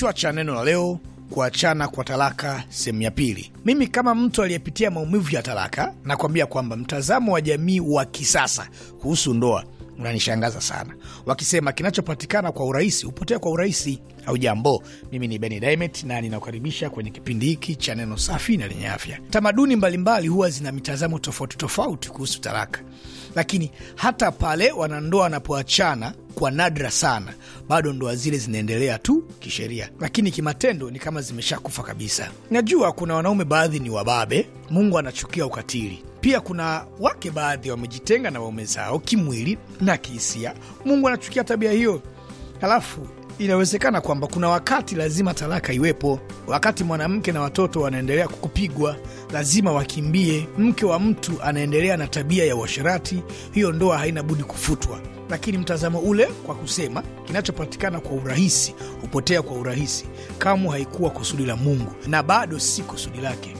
Kichwa cha neno la leo kuachana kwa talaka sehemu ya pili. Mimi kama mtu aliyepitia maumivu ya talaka, nakwambia kwamba mtazamo wa jamii wa kisasa kuhusu ndoa unanishangaza sana, wakisema kinachopatikana kwa urahisi hupotea kwa urahisi. Au jambo, mimi ni Beni Dimet na ninakukaribisha kwenye kipindi hiki cha neno safi na lenye afya. Tamaduni mbalimbali huwa zina mitazamo tofauti tofauti kuhusu talaka, lakini hata pale wanandoa wanapoachana kwa nadra sana, bado ndoa zile zinaendelea tu kisheria, lakini kimatendo ni kama zimeshakufa kabisa. Najua kuna wanaume baadhi ni wababe, Mungu anachukia ukatili. Pia kuna wake baadhi wamejitenga na waume zao kimwili na kihisia, Mungu anachukia tabia hiyo. Halafu inawezekana kwamba kuna wakati lazima talaka iwepo. Wakati mwanamke na watoto wanaendelea kupigwa, lazima wakimbie. Mke wa mtu anaendelea na tabia ya uasherati, hiyo ndoa haina budi kufutwa. Lakini mtazamo ule kwa kusema kinachopatikana kwa urahisi hupotea kwa urahisi, kamwe haikuwa kusudi la Mungu na bado si kusudi lake.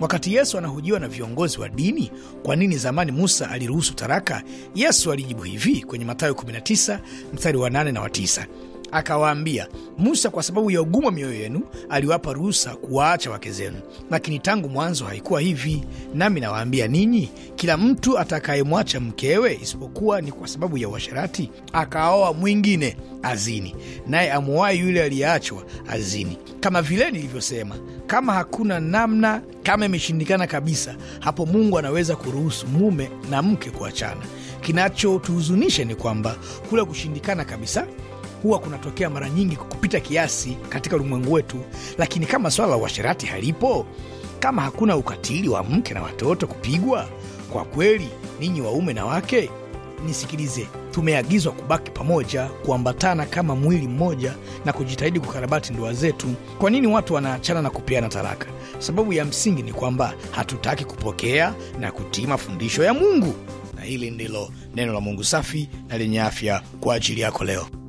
Wakati Yesu anahojiwa na viongozi wa dini kwa nini zamani Musa aliruhusu taraka, Yesu alijibu hivi kwenye Mathayo 19 mstari wa 8 na wa 9 akawaambia, Musa kwa sababu ya ugumu wa mioyo yenu aliwapa ruhusa kuwaacha wake zenu, lakini tangu mwanzo haikuwa hivi. Nami nawaambia ninyi, kila mtu atakayemwacha mkewe, isipokuwa ni kwa sababu ya uasharati akaoa mwingine, azini; naye amuwai yule aliyeachwa azini. Kama vile nilivyosema, kama hakuna namna, kama imeshindikana kabisa, hapo Mungu anaweza kuruhusu mume na mke kuachana. Kinachotuhuzunisha ni kwamba kule kushindikana kabisa huwa kunatokea mara nyingi kupita kiasi katika ulimwengu wetu, lakini kama swala la uasherati halipo, kama hakuna ukatili wa mke na watoto kupigwa, kwa kweli ninyi waume na wake, nisikilize, tumeagizwa kubaki pamoja, kuambatana kama mwili mmoja na kujitahidi kukarabati ndoa zetu. Kwa nini watu wanaachana na kupeana talaka? Sababu ya msingi ni kwamba hatutaki kupokea na kutii mafundisho ya Mungu. Na hili ndilo neno la Mungu safi na lenye afya kwa ajili yako leo.